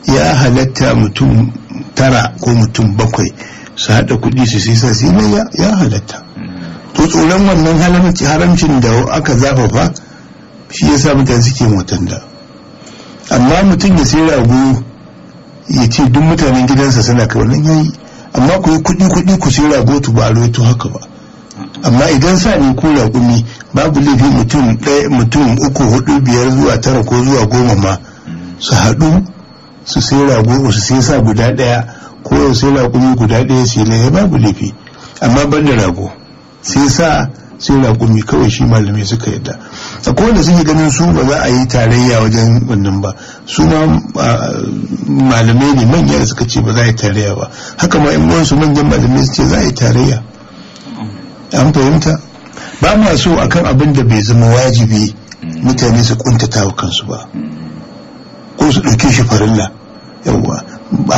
C: ya halatta mutum tara ko mutum bakwai su haɗa kuɗi su sai sa sila ya halatta to tsoron wannan haramcin da aka zafa fa shi ya sa mutane suke motan da amma mutum ya sai rago ya ce duk mutanen gidansa suna kai wannan yayi amma ku yi kuɗi kuɗi ku sai rago tu ba roto haka ba amma idan sa ne ko raƙumi babu laifi mutum ɗaya mutum uku hudu biyar zuwa tara ko zuwa goma ma su haɗu su sai rago su sai sa guda ɗaya ko sai raƙumi guda ɗaya sai yi babu laifi amma ban da rago sai sa sai raƙumi kawai shi malamai suka yadda a kowanne suke ganin su ba za a yi tarayya wajen wannan ba su ma malamai ne manya da suka ce ba za a yi tarayya ba haka ma in wasu manyan malamai su ce za a yi tarayya an fahimta ba ma so akan abin da bai zama wajibi mutane su kuntata kansu ba ko su ɗauke shi farilla yawwa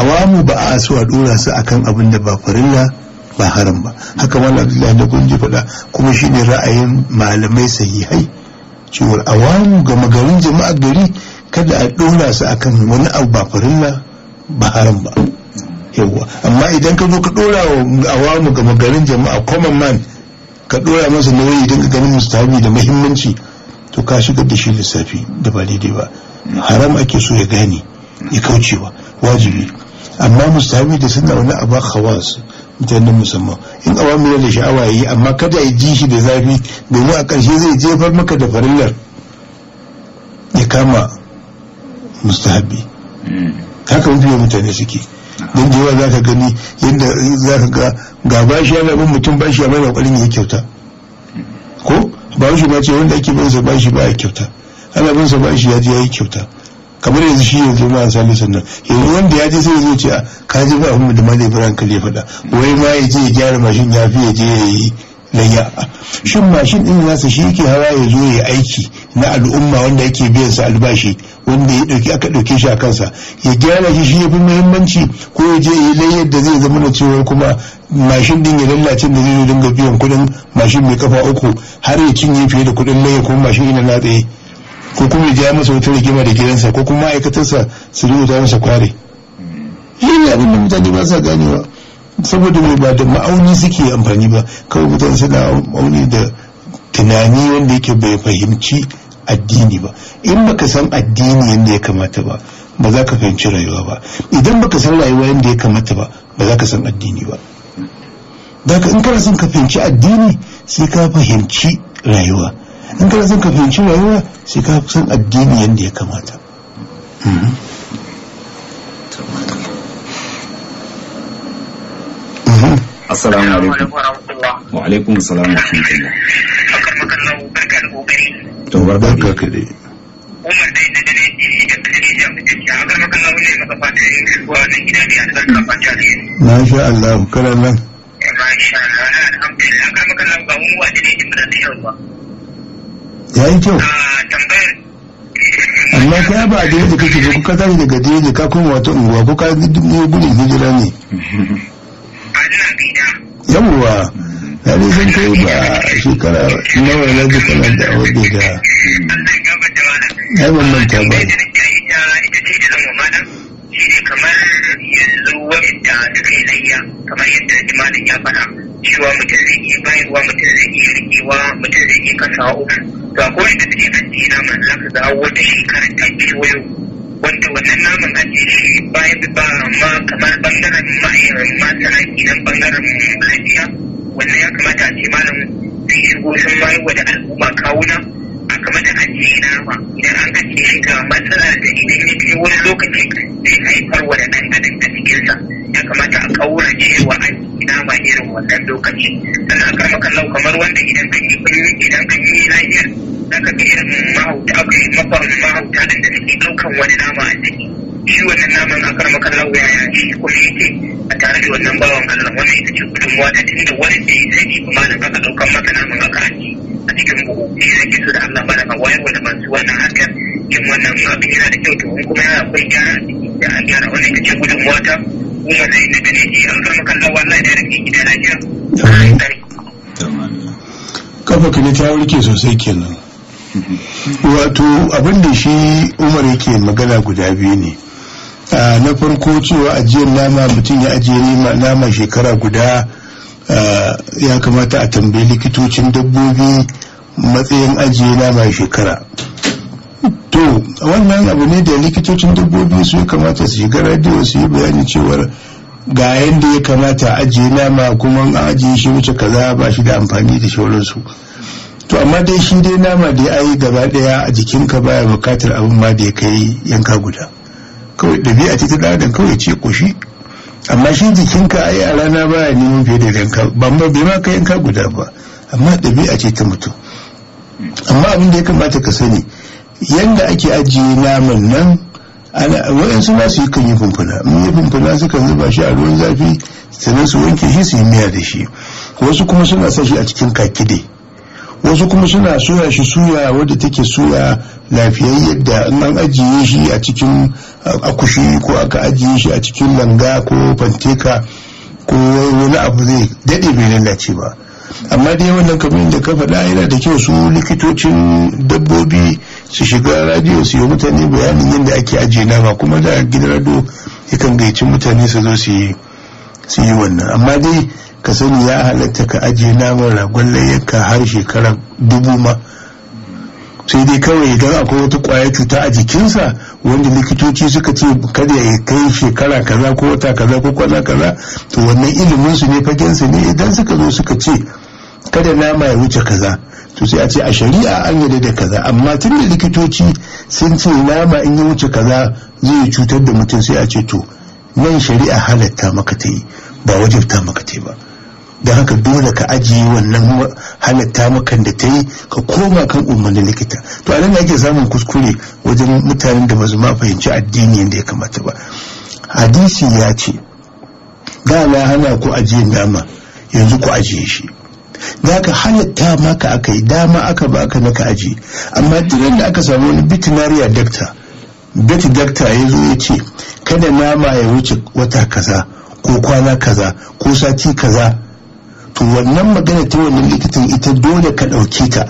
C: wa mu ba a so a ɗora su akan abin da ba farilla ba haram ba haka wani abdullahi da gunji faɗa kuma shi ne ra'ayin malamai sahihai cewar awamu gama garin jama'a gari kada a ɗora su akan wani abu ba farilla ba haram ba yawwa amma idan ka zo ka ɗora wa awamu gama garin jama'a common man ka ɗora masa nauyi idan ka ganin mustahabi da muhimmanci to ka shigar da shi lissafi da ba daidai ba haram ake so ya gane ya kaucewa wajibi amma mustahabi da suna wani abu khawas mutanen musamman in awamira da sha'awa yi amma kada ya ji shi da zafi domin a ƙarshe zai jefar maka da farillar ya kama mustahabi haka mafi mutane suke don jewa za ka gani yadda za ka ga ga bashi yana bin mutum bashi a mai ƙwarin ya kyauta ko ba shi ba ce wanda ake bin sa bashi ba ya kyauta ana bin sa shi ya je yayi kyauta kamar yanzu shi ya yanzu a sami sannan yanzu wanda ya je sai zai ce ka ji ba abin da malai ibrahim kale fada wai ma ya je ya gyara mashin ya fi ya je ya yi layya shin mashin din nasa shi yake hawa ya zo ya aiki na al'umma wanda yake biyan sa albashi wanda ya dauki aka dauke shi a kansa ya gyara shi shi yafi muhimmanci ko ya je ya layyar da zai zama na cewa kuma mashin din ya lallace da zai dinga biyan kudin mashin mai kafa uku har ya cinye fiye da kudin layya ko mashin ina na tsaye ko kuma ya masa wata rigima da gidansa ko kuma ma'aikatarsa su rubuta masa kware yin ne abin da mutane ba sa ganewa saboda mai ba da ma'auni suke amfani ba kawai mutane suna ma'auni da tunani wanda yake bai fahimci addini ba in baka san addini yadda ya kamata ba ba za ka fahimci rayuwa ba idan baka san rayuwa yadda ya kamata ba ba za ka san addini ba da in kana son ka fahimci addini sai ka fahimci rayuwa in kana son ka fahimci rayuwa sai ka san addini yadda ya kamata mm-hmm.
B: Mm-hmm. Assalamu alaikum. Wa alaikum wa rahmatullah.
C: To barka ka Umar dai da dare da da
A: a ne maka fata yin gida ne fata ne.
C: Masha Allah, kana nan. Masha Allah, alhamdulillah, ba mu wa dare da ya yi kyau ah, amma ka ba a da kake ba kuka tashi daga da ka koma wata unguwa ko ka yi gudun hijira ne yawwa ya dai san kai ba shekara nawa na duka na da a wadda da ya ban manta ba kamar
A: yanzu waɗanda suka yi layya kamar yadda imanin ya fara cewa mutum zai iya bayarwa mutum zai iya rikewa mutum zai iya kasawa uku ga koyin da suke ajiye naman za ka ga wata shekara ta kewayo wanda wannan naman ajiye shi bayan ba amma kamar bangaren masana kenan bangaren lafiya wannan ya kamata a ce malam sun shigo sun wayarwa da
B: al'umma kawuna a kamar da ajiye nama idan an ajiye shi ga matsala da idan ya kai wani lokaci zai haifarwa da ɗan adam a cikinsa ya kamata a ƙaurace wa ajiye
A: ba irin wannan lokaci sannan akar makallau kamar wanda idan ka yi idan ka yi lahiyar za ka ga irin mahauta akwai mafarin mahauta da suke ɗaukan wani nama a ciki shi wannan naman a akar makallau yaya shi kuma yake a tare da wannan bawan
B: Allah wannan ita ce gudunmuwa da tunda wani da ya sani kuma da aka ɗaukan masa naman aka aji a cikin buhu ne ya so da Allah ba ka wayar wani masu wannan harkar yin wannan abin yana da kyau to kuma akwai gyara da a gyara wannan ita ce gudunmuwa ta
C: da kafa ka ta warke sosai kenan wato abin da shi umar yake magana guda biyu ne na farko cewa ajiyar nama mutum ya ajiye nama shekara guda ya kamata a tambayi likitocin dabbobi matsayin ajiye nama shekara to wannan abu ne da likitocin dabbobi su ya kamata su shiga radiyo su yi bayani cewar ga yadda ya kamata ajiye nama kuma an ajiye shi wuce kaza ba shi da amfani da shauransu to amma dai shi dai nama da ya yi gaba daya a jikinka baya bukatar abin ma da ya kai yanka guda kawai ɗabi'a ce ta ɗadan kawai ce koshi amma shi jikinka ai a rana baya neman fiye da yanka ba ma bai ma kai yanka guda ba amma ɗabi'a ce ta mutum amma abin da ya kamata ka sani yanda ake ajiye naman nan waɗansu ma su yi kan yi fumfuna Mun yi fumfuna sukan zuba shi a ruwan zafi sannan su wanke shi su yi miya da shi wasu kuma suna sa shi a cikin kakide wasu kuma suna soya shi suya wadda take soya lafiyayya yadda in an ajiye shi a cikin akushi ko aka ajiye shi a cikin langa ko fanteka ko wani abu zai daɗe bai lalace ba amma dai wannan kamar da ka faɗa yana da kyau su likitocin dabbobi su shiga radiyo su yi mutane bayanin yadda ake ajiye nama kuma da gidan rado yakan gaici mutane su zo su yi wannan amma dai ka sani ya halatta ka ajiye naman ragon layyanka har shekara dubu ma sai dai kawai idan akwai wata kwaya cuta a jikinsa wanda likitoci suka ce kada ya kai shekara kaza ko wata kaza ko kwana kaza to wannan iliminsu ne fagen ne idan suka zo suka ce kada nama ya wuce kaza to sai a ce a shari'a an yarda da kaza amma tun da likitoci sun ce nama in ya wuce kaza zai cutar da mutum sai a ce to nan shari'a halatta maka ta yi ba wajibta maka ta yi ba Da haka dole ka ajiye wannan halatta makan da ta yi ka koma kan umarnin likita to a nan ake samun kuskure wajen mutanen da ba su fahimci addini yadda ya kamata ba hadisi ya ce da na hana ku ajiye nama yanzu ku ajiye shi da aka halatta maka aka yi dama aka ba ka naka aji amma duk da aka samu wani veterinary doctor Bet doctor ya zo ya ce kada nama ya wuce wata kaza ko kwana kaza ko sati kaza to wannan magana ta wannan likitan ita dole ka ɗauke ta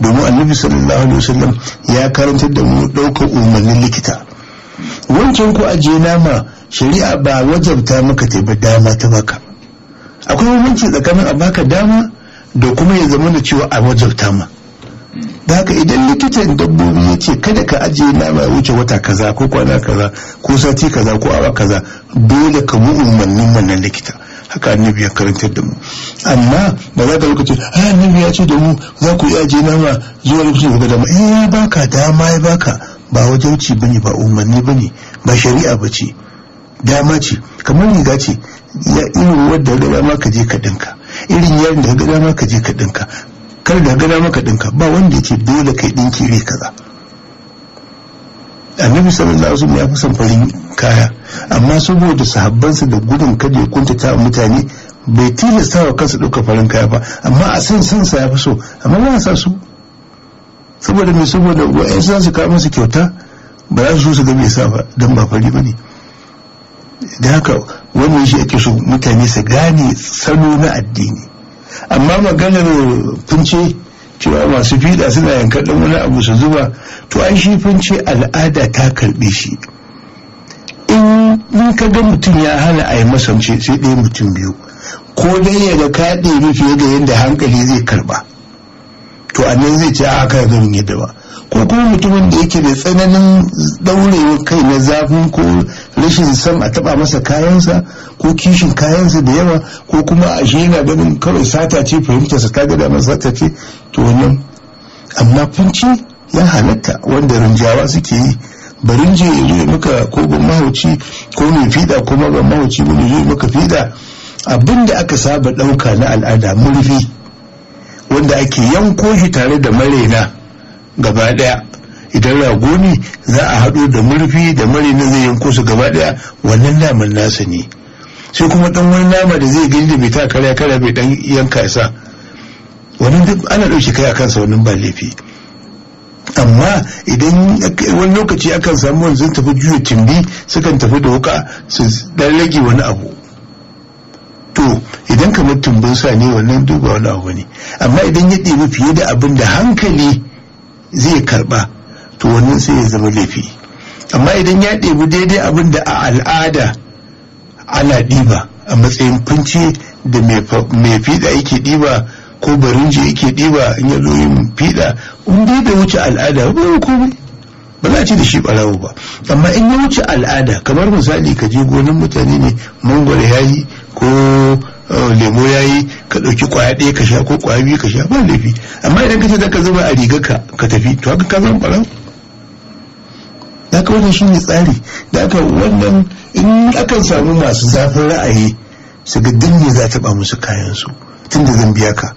C: domin annabi sallallahu alaihi wasallam ya karantar da mu ɗaukar umarnin likita wancan ku ajiye nama shari'a ba wajabta maka ta ba dama ta baka akwai bambanci tsakanin a baka dama da kuma ya zama da cewa a wajabta ma da haka idan likitan dabbobi ya ce kada ka ajiye nama ya wuce wata kaza ko kwana kaza ko sati kaza ko awa kaza dole ka mu umarnin wannan likita haka annabi ya karantar da mu amma ba za ka lokaci a ah, annabi ya ce da mu za ku yi ajiye nama zuwa lokacin ga dama eh baka dama ya baka ba wajen bane ba umarni bane ba shari'a ba bace dama ce kamar riga ce ya irin wadda dama ka je ka dinka irin yarin da ga dama ka je ka dinka kar da ga dama ka dinka ba wanda yake dole kai dinki iri kaza annabi sallallahu alaihi wasallam ya fi son farin kaya amma saboda sahabbansa da gudun kada ya kuntata mutane bai tilasta wa kansa ɗauka farin kaya ba amma a san san sa ya fi so amma ba sa su saboda mai saboda wa'ansu za su kawo masa kyauta ba za su so su ga bai sa ba don ba fari ba ne da haka wani shi ake so mutane su gane salo na addini amma maganar fince cewa masu fiɗa suna yankar ɗan wani abu su zuba to an shi fince al'ada ta karɓe shi in ka ga mutum ya hana a yi masance sai ɗaya mutum biyu ko dai ya ga kaɗe ɗaya fiye da yadda hankali zai karɓa to annan zai ce a haka ga yadda ba ko kuma mutumin da yake da tsananin daurewar kai na zafin ko rashin san a taba masa kayansa ko kishin kayansa da yawa ko kuma a shi yana ganin kawai sata ce fahimta sa kaga da sata ce to wannan amma kunci ya halatta wanda rinjawa suke yi barin je ya zo muka ko ban mahauci ko mai fida ko ma ban mahauci ba ne zo maka fida abin da aka saba ɗauka na al'ada murfi wanda ake yanko shi tare da marena gaba daya idan rago ne za a haɗo da murfi da mare na zai yanko su gaba daya wannan naman nasa ne sai kuma dan wani nama da zai gani da bai ta kare kare bai dan yanka sa wannan duk ana ɗauki kai akan kansa wannan ba laifi amma idan wani lokaci akan samu wani sun tafi juya timbi sukan tafi da wuka su dan rage wani abu to idan kamar tumbin sa ne wannan duba wani abu ne amma idan ya ɗebi fiye da abin da hankali zai karba to wannan sai ya zama laifi amma idan ya ɗebi daidai abin da a al'ada ana ɗiba a matsayin fanci da mai fiɗa yake ɗiba ko barinji yake ɗiba in ya fiɗa in dai bai wuce al'ada ba ya komai ba za a ci da shi ɓarawo ba amma in ya wuce al'ada kamar misali ka je gonan mutane ne mangwaro yayi ko Eh, lemo ya yi ka ɗauki kwaya ɗaya ka sha ko kwaya biyu ka sha ba laifi amma idan ka ce za ka zuba a riga ka ka tafi to haka ka zama ɓarau da wajen wannan shine tsari da aka wannan in akan samu masu zafin ra'ayi su ga dinne za ta ba musu kayan su tunda zan biya ka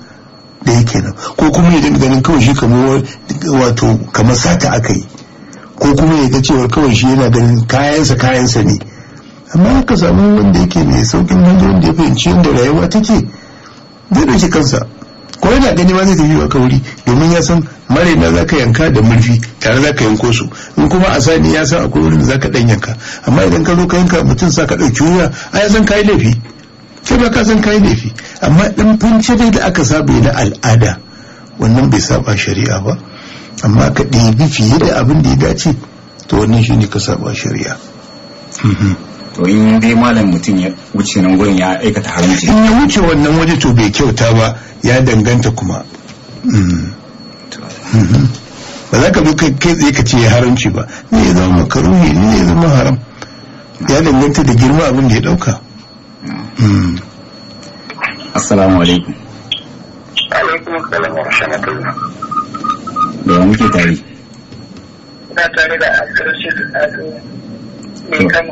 C: da yake nan ko kuma ya ganin kawai shi kamar wato kamar sata aka yi ko kuma ya ga cewa kawai shi yana ganin kayansa kayansa ne amma ka samu wanda yake mai saukin hali wanda ya fahimci yadda rayuwa take zai ɗauki kansa ko yana gani ma zai tafi a kauri domin ya san maraina za ka yanka da murfi tare za ka yanko su in kuma a sani ya san akwai wurin da za ka ɗan yanka amma idan ka zo ka yanka mutum sa ka ɗauki wuya a ya san kayi laifi ke ba ka san kayi laifi amma ɗan fince dai da aka saba na al'ada wannan bai saba shari'a ba amma ka ɗebi fiye da abin da ya dace to wannan shine ka saba shari'a. Mhm. to in dai malam mutum ya wuce nan gurin ya aikata haramci in ya wuce wannan waje to bai kyauta ba ya danganta kuma hmm. Hmm. ba za ka buka kai tsaye ka ce ya haramci ba ne ya zama makaruhi ne ya zama haram ya danganta da girma abin da ya dauka hmm.
B: assalamu alaikum alaikum assalam wa rahmatullah da muke tare ina tare da asirin shi da mai kama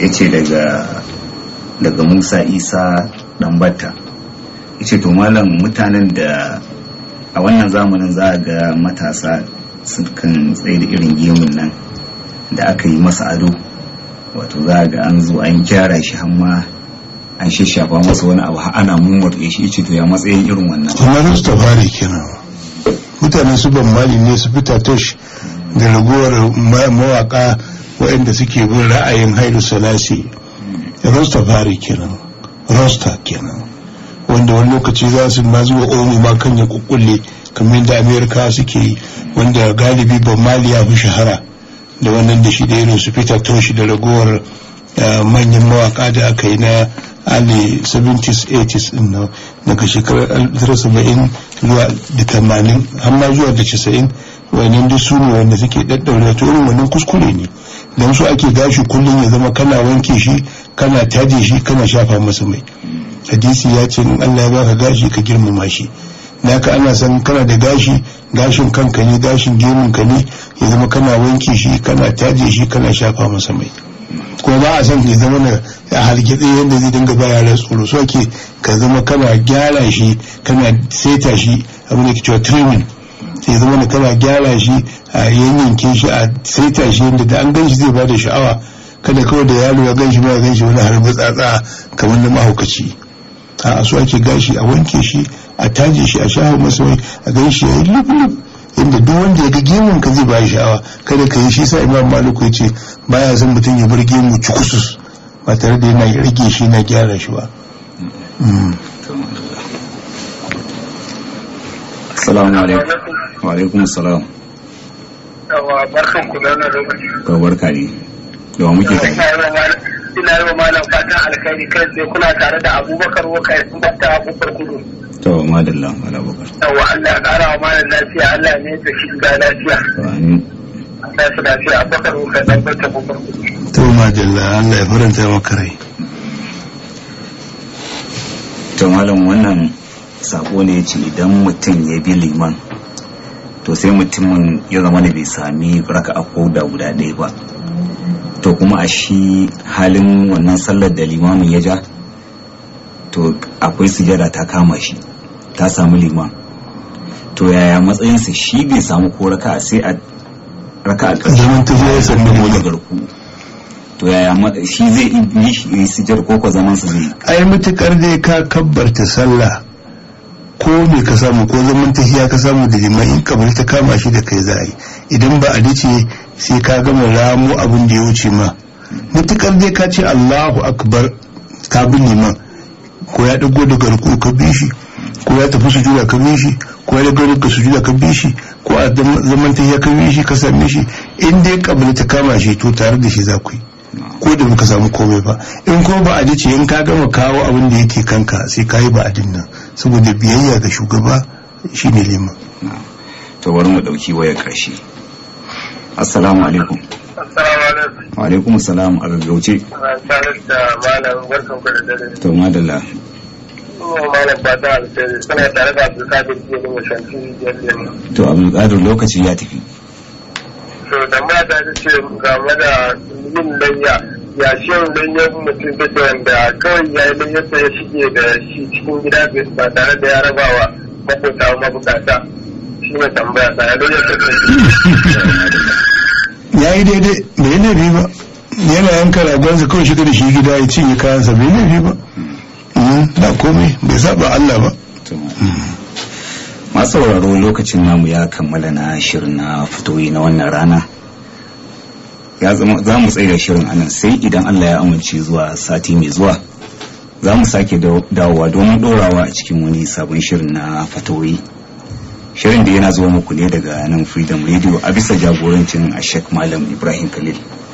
B: ya ce daga musa isa ɗanbata ya ce to malam mutanen da a wannan zamanin za a ga matasa kan tsaye da irin gemun nan da aka yi masa ado wato za a ga an zo an kyara shi hamma an shafa masa wani abu ana da shi ce to ya matsayin irin wannan
C: kamar su tafari kenan mutane su ban mali ne su fita tush da raguwar mawaka waɗanda suke bin ra'ayin hailu salasi rosta fari kenan rosta kenan wanda wani lokaci za su ma zuwa omo ma kan ya kukkulle kamar da amerika suke yi wanda galibi ban mali ya fi shahara da wannan da shi da irin su fita toshi da ragowar eh, manyan mawaka da aka yi na ali 70s 80s din nan daga shekarar 1970 zuwa da 80 har ma zuwa da 90 wani duk su ne wanda suke daddaure to irin wannan kuskure ne don su ake gashi kullum ya zama kana wanke shi kana taje shi kana shafa masa mai hadisi ya ce in Allah ya baka gashi ka girmama shi naka ana san kana da gashi gashin kanka ne gashin gemun ka ne ya zama kana wanke shi kana taje shi kana shafa masa mai ko ba a san ya zama na a halgitsi yadda zai dinga ba yaran tsoro so ake ka zama kana gyara shi kana seta shi abin da ke cewa trimming sai zama na kana gyara shi a yanyanke shi a saita shi yadda da an ganshi shi zai bada sha'awa kada kawai da yaro ya ganshi shi ma gan shi wani har tsatsa kamar na mahaukaci a su ake gashi a wanke shi a taje shi a shafa masa wai a gan shi ya yi inda duk wanda ya ga gemun ka zai ba sha'awa kada ka yi shi sa imam maliku ya ce baya son mutum ya bar gemu cikusus ba tare da yana rage shi na gyara shi ba
B: mm. Assalamu alaikum. Wa alaikum assalam.
C: Yawa barkan ku da wannan lokaci.
B: Ko barka ne.
C: Yawa muke Ina yi wa malam fatan alkhairi kai sai kuna tare da Abubakar Wakai sun bata Abubakar Kudu. To ala bakar. Yawa Allah ya kara wa malam lafiya Allah ne ya shi lafiya. Amin. Allah ya lafiya Abubakar Wakai dan bata Abubakar Kudu. To madalla Allah ya faranta maka rai.
B: To malam wannan sako ne ce idan mutum ya bi liman to sai mutumin ya zama da bai sami raka a da guda ɗaya ba to kuma a shi halin wannan sallar da limamin ya ja to akwai sujada ta kama shi ta samu liman to yaya matsayinsa shi bai samu ko raka sai a raka a zaman ta zai sannu wani garku to yaya shi zai yi sujjar ko ko zaman su zai
C: ai mutukar dai ka kabbarta sallah ko me ka samu ko zaman tahiya ka samu da liman in ta kama shi da kai za a yi idan ba a dace sai ka gama ramu abin da ya wuce ma mutukar dai ka ce allahu akbar ka bi liman ko ya dago daga ruku ka bi shi ko ya tafi su jura ka bi shi ko ya dago daga sujuda ka bi shi ko a zaman tahiya ka bi shi ka same shi in dai kabari ta kama shi to tare da shi za ku yi ko da baka samu komai ba in kuma ba adi ce in ka gama kawo abin da yake kanka sai ka yi ba adin nan saboda biyayya ga shugaba shine liman
B: to bari mu dauki waya kashi assalamu alaikum wa alaikum salam a dare. to madalla to abdulkadir lokaci ya tafi to da mata ta ce game da yin layya
C: ya ce yin layyar mutum ke wanda kawai ya yi ta ya shige da shi cikin gida ba tare da ya rabawa makwata mabukata shi ne tambaya ta ya layyar ta ya yi daidai da yi laifi ba yana yanka ragonsa kawai shiga da shi gida ya cinye kayansa bai laifi ba da hmm, komai bai saba Allah ba masu sauraro lokacin namu ya
B: kammala na shirin na fitoyi na wannan rana ya za mu tsaye da shirin anan sai idan allah ya amince zuwa sati mai zuwa za mu sake dawowa domin dorawa a cikin wani sabon shirin na fatoyi shirin da yana zuwa muku ne daga nan freedom radio a bisa jagorancin ashek malam ibrahim khalil